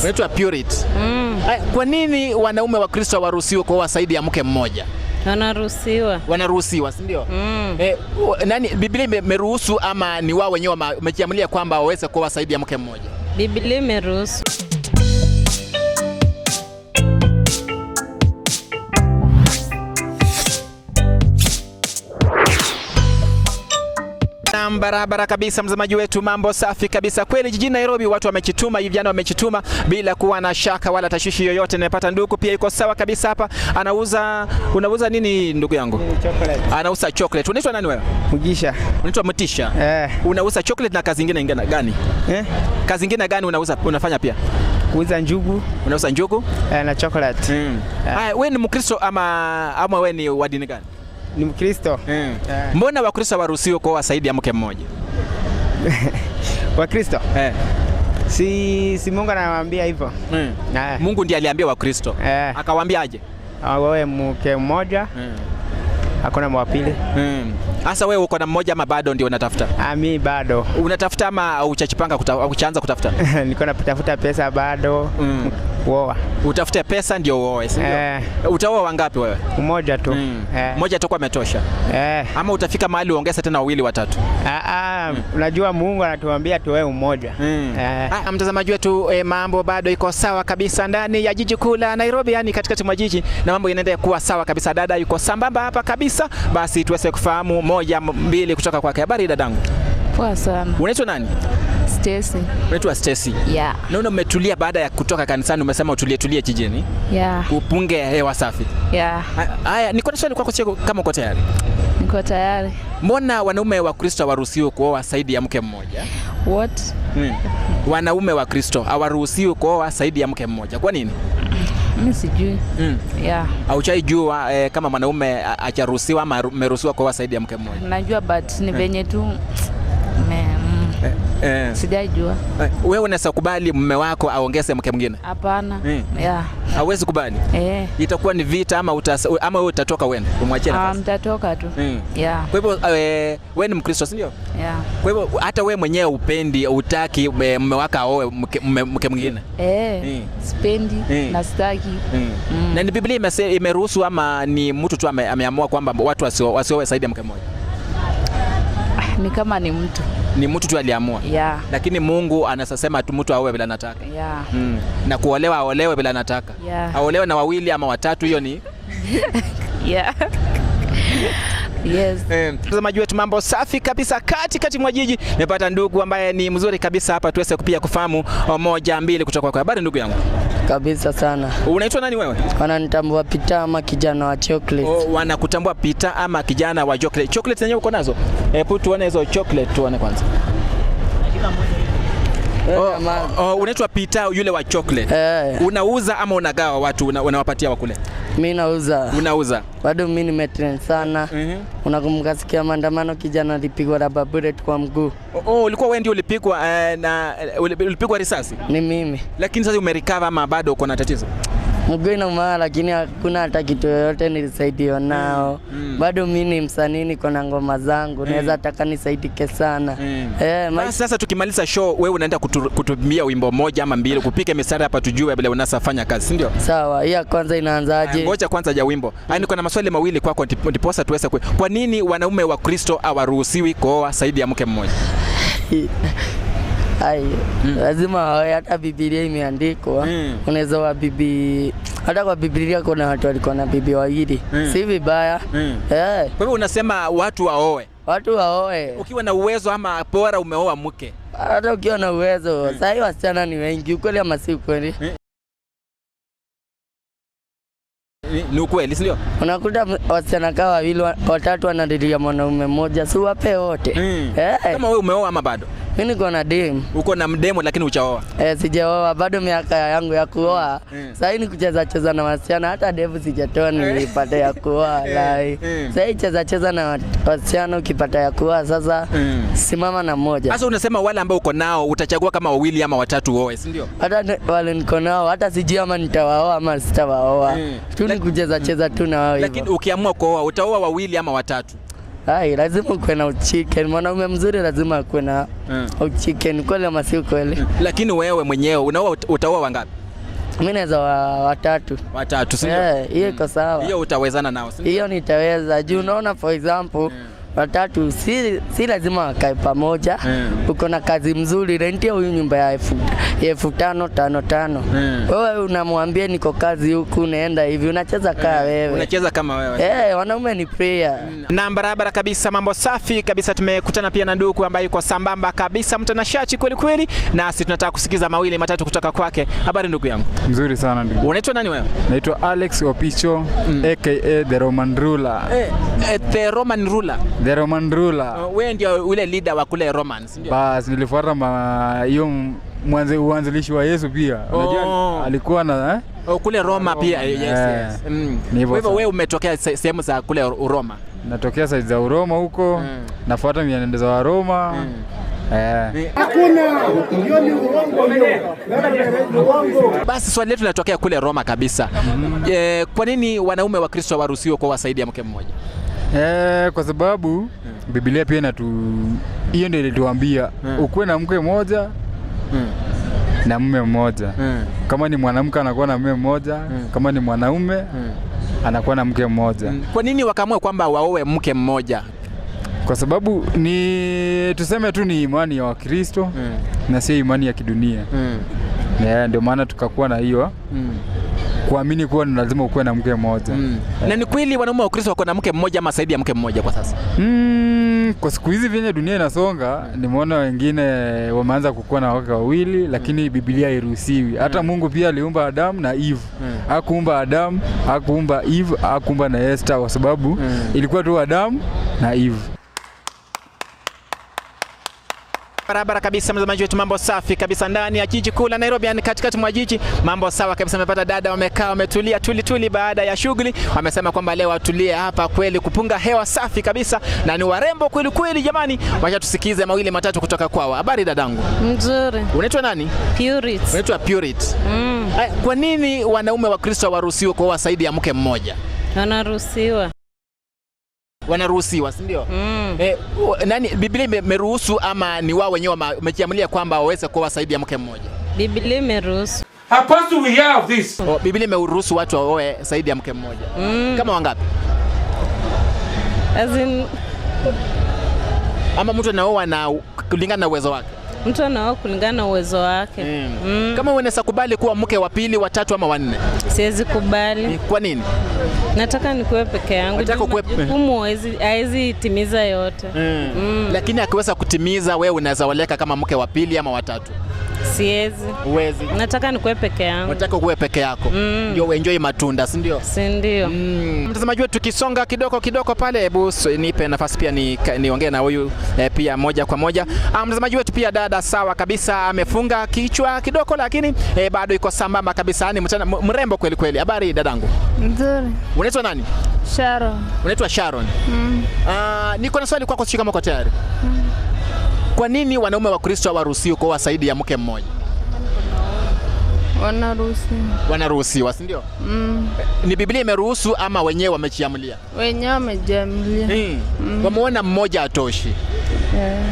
Purity. Unaitwa Purity. Mm. Kwa nini wanaume wa Kristo hawaruhusiwi kuoa zaidi ya mke mmoja? Wanaruhusiwa, wanaruhusiwa si ndio? Mm. Eh, nani Biblia imeruhusu ama ni wao wenyewe wamejiamulia kwamba waweze kuoa zaidi ya mke mmoja? Biblia imeruhusu. barabara kabisa, mzamaji wetu, mambo safi kabisa kweli. Jijini Nairobi watu wamechituma, vijana wamechituma bila kuwa na shaka wala tashwishi yoyote. Nimepata ndugu pia iko sawa kabisa hapa, anauza unauza nini ndugu yangu? Chocolate. Anauza chocolate. Unaitwa nani wewe? Mugisha. Unaitwa Mtisha. Eh. Unauza chocolate na kazi nyingine ingana gani? Eh? Kazi nyingine gani unauza unafanya pia? Kuuza njugu. Unauza njugu? Eh, na chocolate. Mm. Yeah. wewe ni Mkristo ama ama wewe ni wa dini gani? ni Mkristo yeah. Yeah. Mbona Wakristo waruhusiwe kuoa zaidi ya mke mmoja? Wakristo yeah. Si, si Mungu anawaambia hivyo mm. yeah. Eh. Mungu ndiye aliambia Wakristo yeah. Akawaambiaje? Awoe mke mmoja mm. Eh. Hakuna mwa pili eh. hasa mm. Wewe uko na mmoja ama bado ndio unatafuta? Ah, mimi bado. Unatafuta ama uchachipanga kuta, uchaanza kutafuta? Niko na kutafuta pesa bado mm. Uoa. Utafute pesa ndio uoe, si ndio? Eh. Utaoa wangapi wewe? Mmoja tu. Mm. Eh. Mmoja tu umetosha. Eh. Ama utafika mahali uongeze tena wawili watatu? Ah ah, mm. Unajua Mungu anatuambia tuwe mmoja. Mm. Eh. Ah, mtazamaji wetu e, mambo bado iko sawa kabisa ndani ya jiji kuu la Nairobi, yani katikati mwa jiji na mambo yanaendelea kuwa sawa kabisa. Dada yuko sambamba hapa kabisa, basi tuweze kufahamu moja mbili kutoka kwake. Habari dadangu? Poa sana. Unaitwa nani? Stacy. Unaitwa Stacy. Yeah. Naona umetulia baada ya kutoka kanisani, umesema utulie tulie kijeni. Yeah. Upunge hewa safi. Yeah. Haya, niko na swali kwako Cheko kama uko tayari. Niko tayari. Mbona wanaume wa Kristo hawaruhusiwi kuoa zaidi ya mke mmoja? What? Hmm. Wanaume wa Kristo hawaruhusiwi kuoa zaidi ya mke mmoja. Kwa nini? Mimi sijui. Mm. Yeah. Auchai jua eh, kama mwanaume acharuhusiwa ama ameruhusiwa kuoa zaidi ya mke mmoja? Najua but ni hmm. venye tu Man eh, eh. Sijajua. Eh, wewe unaweza kubali mume wako aongeze mke mwingine? Hapana. Eh. Yeah. Hawezi kubali. Eh. Itakuwa ni vita ama utas, ama wewe utatoka uende umwachie ah, nafasi? Ah, mtatoka tu. Mm. Eh. Yeah. Kwa hivyo eh, wewe ni Mkristo si ndio? Yeah. Kwa hivyo hata wewe mwenyewe upendi utaki eh, mume wako aoe mke mwingine? Eh. Mm. Sipendi mm. na sitaki. Mm. Mm. Na ni Biblia imeruhusu ama ni mtu tu ameamua kwamba watu wasioe zaidi ya mke mmoja? ni kama ni mtu ni mtu tu aliamua yeah. Lakini Mungu anasema tu mtu aoe bila nataka yeah. mm. na kuolewa aolewe bila nataka yeah. aolewe na wawili ama watatu, hiyo ni yeah. Yes. Eh, wetu, mambo safi kabisa katikati kati mwa jiji. Nimepata ndugu ambaye ni mzuri kabisa hapa tuweze pia kufahamu oh, moja mbili kutoka kwa Habari ndugu yangu? kabisa sana. Unaitwa nani wewe? Wananitambua Pita ama kijana wa chocolate. Oh, wanakutambua Pita ama kijana wa chocolate. Chocolate zenyewe uko nazo? E, tuone hizo chocolate tuone kwanza. Eh, oh, oh, unaitwa Peter yule wa chocolate. Eh. Unauza ama unagawa watu unawapatia una wakule? Mimi nauza. Unauza? Bado mimi nimetrain sana. Mhm. Mm Unakumbuka sikia maandamano kijana alipigwa rubber bullet kwa mguu. Oh, oh, ulikuwa wewe ndio ulipigwa uh, na eh, ulipigwa risasi? Ni mimi. Lakini sasa umerecover ama bado uko na tatizo? mgeni umaa, lakini hakuna hata kitu yoyote nilisaidiwa nao mm. Bado mi ni msanii, niko na ngoma zangu mm. Naweza taka nisaidike sana mm. eh, ma... Sasa tukimaliza show, wewe unaenda kutumia wimbo moja ama mbili kupika misara hapa tujue vile unasafanya kazi, si ndio? Sawa, hiyo kwanza inaanzaje? Ngoja kwanza ja wimbo mm. Niko na maswali mawili kwako ndiposa tuweze Kwa nini wanaume wa Kristo hawaruhusiwi kuoa zaidi ya mke mmoja? Hai, mm. lazima wawe hata Biblia imeandikwa mm. unaweza wa bibi hata kwa Biblia kuna watu walikuwa na bibi wawili mm. si vibaya mm. yeah. Kwa hivyo unasema watu waoe, watu waoe ukiwa na uwezo, ama bora umeoa mke hata ukiwa na uwezo mm. Sasa wasichana ni wengi, ukweli ama si ukweli? mm. ni ukweli, si ndio? Unakuta wasichana kama wawili watatu wanadilia mwanaume mmoja, si wape wote mm. hey. Eh. Kama wewe umeoa ama bado? Mimi niko na dem. Uko na mdemo lakini uchaoa? Eh, sijaoa bado miaka yangu ya kuoa. Mm. mm. Sasa ni kucheza cheza na wasichana hata devu sijatoa eh. nilipata ya kuoa. Eh, lai. mm. Eh. Sasa hii cheza cheza na wasichana ukipata ya kuoa sasa mm. simama na mmoja. Sasa unasema wale ambao uko nao utachagua kama wawili ama watatu uoe, si ndio? Hata wale niko nao hata sijui ama nitawaoa ama sitawaoa. Mm. Tu ni kucheza cheza tu na wao. Lakini ukiamua kuoa utaoa wawili ama watatu? Hai, lazima kuwe na uchicken. Mwanaume mzuri lazima akuwe na uh, eh. uchicken kweli ama si kweli? Eh. Lakini wewe mwenyewe unaoa utaoa wangapi? Mimi naweza wa, watatu. Watatu, sio? Eh, hiyo mm. iko sawa. Hiyo utawezana nao, sio? Hiyo nitaweza. Juu mm. unaona for example eh watatu si, si lazima wakae pamoja yeah. Uko na kazi mzuri, rentia huyu nyumba ya elfu tano tano tano yeah. unamwambia niko kazi huku, unaenda hivi unacheza eh. kaa yeah. Wewe unacheza kama wewe yeah, wanaume ni player na barabara kabisa. Mambo safi kabisa. Tumekutana pia na ndugu ambaye yuko sambamba kabisa, mtanashati kweli kweli, nasi tunataka kusikiza mawili matatu kutoka kwake. Habari ndugu yangu? Mzuri sana ndugu. Unaitwa nani wewe? Naitwa Alex Opicho mm. aka The Roman Ruler. Eh, eh, The Roman Ruler. The Roman ruler. Uh, wewe ndio ule leader wa kule Romans, ndio? Bas, nilifuata hiyo mwanzo uanzilishi wa Yesu pia. Unajua oh. alikuwa na eh? Oh, kule Roma oh, pia. Yes, yeah. yes. Mm. Kwa hivyo wewe umetokea sehemu za kule roma Natokea saizi za Uroma huko. Mm. Nafuata mienendo za Waroma. Mm. Eh. Hakuna hiyo ni uongo hiyo. Basi swali letu linatokea kule Roma kabisa. Mm E, kwa nini wanaume wa Kristo hawaruhusiwi kuoa zaidi ya mke mmoja? Eh, kwa sababu yeah. Biblia pia inatu hiyo ndio ilituambia yeah. Ukuwe na mke mmoja yeah. na mume mmoja yeah. Kama ni mwanamke anakuwa na mume mmoja yeah. Kama ni mwanaume yeah. anakuwa na mke mmoja mm. Kwa nini wakaamua kwamba waowe mke mmoja? Kwa sababu ni tuseme tu ni imani ya Wakristo mm. na sio imani ya kidunia mm. Yeah, eh, ndio maana tukakuwa na hiyo mm kuamini kuwa ni lazima ukuwe na mke mmoja mm. Na ni kweli wanaume wa Kristo wako na mke mmoja ama zaidi ya mke mmoja kwa sasa mm, kwa siku hizi vyenye dunia inasonga, nimeona wengine wameanza kukuwa na wake wawili, lakini mm. Biblia hairuhusiwi hata mm. Mungu pia aliumba Adamu na Eve mm. akuumba Adamu, akuumba Eve, akuumba na Esther kwa sababu mm. ilikuwa tu Adamu na Eve barabara kabisa, mtazamaji wetu, mambo safi kabisa ndani ya jiji kuu la Nairobi, yani katikati mwa jiji, mambo sawa kabisa. Amepata dada, wamekaa wametulia tuli tuli baada ya shughuli, wamesema kwamba leo watulie hapa kweli kupunga hewa safi kabisa, na ni warembo kweli kweli. Jamani, wacha tusikize mawili matatu kutoka kwao. Habari dadangu? Mzuri. Unaitwa nani? Purit. Unaitwa Purit. Mm. Eh, kwa nini wanaume wa Kristo waruhusiwe kuoa zaidi ya mke mmoja? Wanaruhusiwa wanaruhusiwa si ndio? Mm. E, nani Biblia imeruhusu ama ni wao wenyewe wamejiamulia kwamba waweze kuoa zaidi ya mke mmoja? Biblia imeruhusu. Hapaswi we have this. O, oh, Biblia imeruhusu watu waoe zaidi ya mke mmoja. Mm. Kama wangapi? As in... ama mtu anaoa na kulingana na uwezo wake mtu anaoa kulingana na uwezo wake. Mm. Mm. Kama unaweza kubali kuwa mke wa pili, wa tatu ama wa nne? Siwezi kubali. Kwa nini? Nataka nikuwe peke yangu. Nataka kuwe majukumu hawezi timiza yote. Mm. Mm. Lakini akiweza kutimiza, wewe unaweza kama mke wa pili ama watatu. Siwezi. Uwezi. Nataka nikuwe peke yangu. Nataka kuwe peke yako. Mm. uenjoy matunda, si ndio? Si ndio. Mm. Mtazamaji wetu tukisonga kidogo kidogo pale, hebu nipe nafasi pia ni, niongee na huyu eh, pia moja kwa moja. Ah, mtazamaji wetu pia dada sawa kabisa amefunga kichwa kidogo lakini eh, bado iko sambamba kabisa. Ni yaani mrembo kweli kweli. Habari dadangu? Nzuri. Unaitwa nani? Sharon. Unaitwa Sharon. Mm. Uh, niko na swali kwako sio kama uko tayari. Mm. Kwa nini wanaume wa Kristo hawaruhusiwi kuoa zaidi ya mke mmoja? Wanaruhusiwa. Wanaruhusiwa, si ndio? Mm. Ni Biblia imeruhusu ama wenyewe wamejiamulia? Wenyewe wamejiamulia. Mm. Mm. Wameona mmoja atoshi. Yeah.